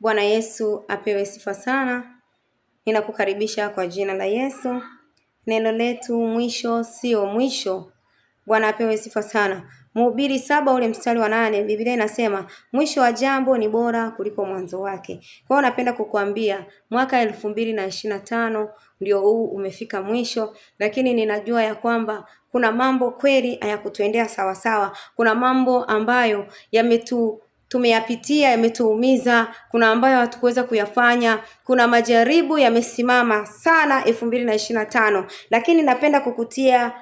Bwana Yesu apewe sifa sana. Ninakukaribisha kwa jina la Yesu. Neno letu mwisho sio mwisho. Bwana apewe sifa sana. Mhubiri saba ule mstari wa nane Biblia inasema mwisho wa jambo ni bora kuliko mwanzo wake. Kwa hiyo napenda kukuambia mwaka elfu mbili na ishirini na tano ndio huu umefika mwisho, lakini ninajua ya kwamba kuna mambo kweli hayakutuendea sawasawa. Kuna mambo ambayo yametu tumeyapitia, yametuumiza, kuna ambayo hatukuweza kuyafanya, kuna majaribu yamesimama sana elfu mbili na ishirini na tano, lakini napenda kukutia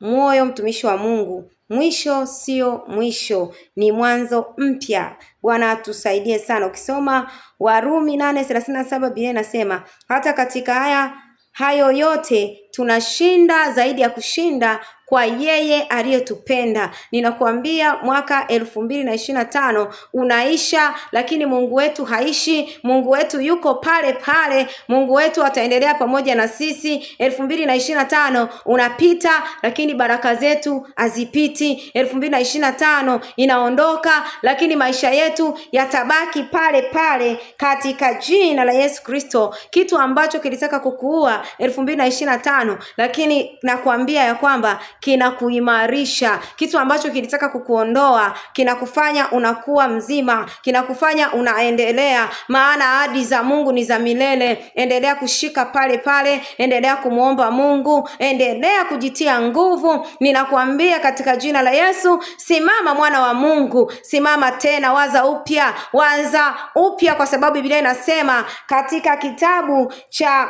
moyo mtumishi wa Mungu, mwisho sio mwisho, ni mwanzo mpya. Bwana atusaidie sana. Ukisoma Warumi nane thelathini na saba Biblia inasema hata katika haya hayo yote tunashinda zaidi ya kushinda kwa yeye aliyetupenda. Ninakuambia mwaka elfu mbili na ishirini na tano unaisha, lakini Mungu wetu haishi. Mungu wetu yuko pale pale, Mungu wetu ataendelea pamoja na sisi. elfu mbili na ishirini na tano unapita, lakini baraka zetu hazipiti. elfu mbili na ishirini na tano inaondoka, lakini maisha yetu yatabaki pale pale katika jina la Yesu Kristo. Kitu ambacho kilitaka kukuua elfu mbili na ishirini na tano, lakini nakuambia ya kwamba kinakuimarisha. Kitu ambacho kilitaka kukuondoa kinakufanya unakuwa mzima, kinakufanya unaendelea, maana ahadi za Mungu ni za milele. Endelea kushika pale pale, endelea kumwomba Mungu, endelea kujitia nguvu. Ninakuambia katika jina la Yesu, simama mwana wa Mungu, simama tena, waza upya, waza upya, kwa sababu Biblia inasema katika kitabu cha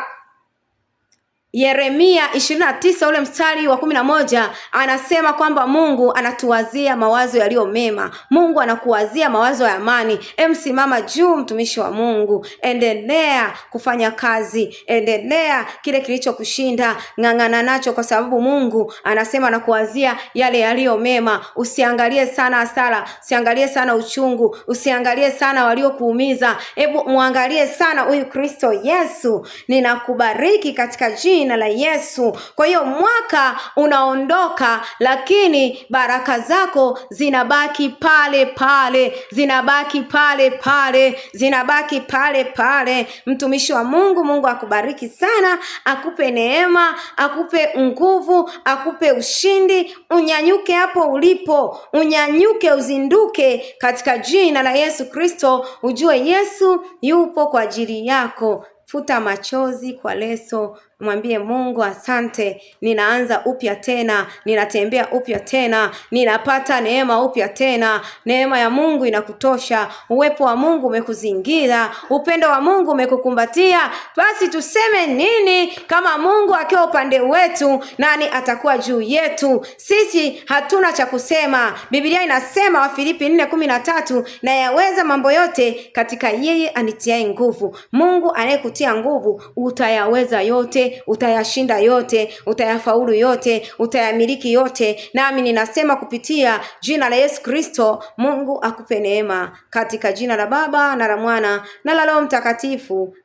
Yeremia 29 ule mstari wa kumi na moja anasema kwamba Mungu anatuwazia mawazo yaliyo mema. Mungu anakuwazia mawazo ya amani. Emsimama juu, mtumishi wa Mungu, endelea kufanya kazi, endelea kile kilichokushinda, ng'ang'ana nacho, kwa sababu Mungu anasema anakuwazia yale yaliyo mema. Usiangalie sana hasara, usiangalie sana uchungu, usiangalie sana waliokuumiza. Hebu muangalie sana huyu Kristo Yesu. Ninakubariki katika jina jina la Yesu. Kwa hiyo mwaka unaondoka, lakini baraka zako zinabaki pale pale, zinabaki pale pale, zinabaki pale pale. Mtumishi wa Mungu, Mungu akubariki sana, akupe neema, akupe nguvu, akupe ushindi. Unyanyuke hapo ulipo, unyanyuke, uzinduke katika jina la Yesu Kristo. Ujue Yesu yupo kwa ajili yako. Futa machozi kwa leso. Mwambie Mungu asante, ninaanza upya tena, ninatembea upya tena, ninapata neema upya tena. Neema ya Mungu inakutosha, uwepo wa Mungu umekuzingira, upendo wa Mungu umekukumbatia. Basi tuseme nini kama Mungu akiwa upande wetu, nani atakuwa juu yetu? Sisi hatuna cha kusema. Biblia inasema Wafilipi nne kumi na tatu, na yaweza mambo yote katika yeye anitiaye nguvu. Mungu anayekutia nguvu utayaweza yote utayashinda yote, utayafaulu yote, utayamiliki yote. Nami ninasema kupitia jina la Yesu Kristo, Mungu akupe neema katika jina la Baba na la Mwana na la Roho Mtakatifu.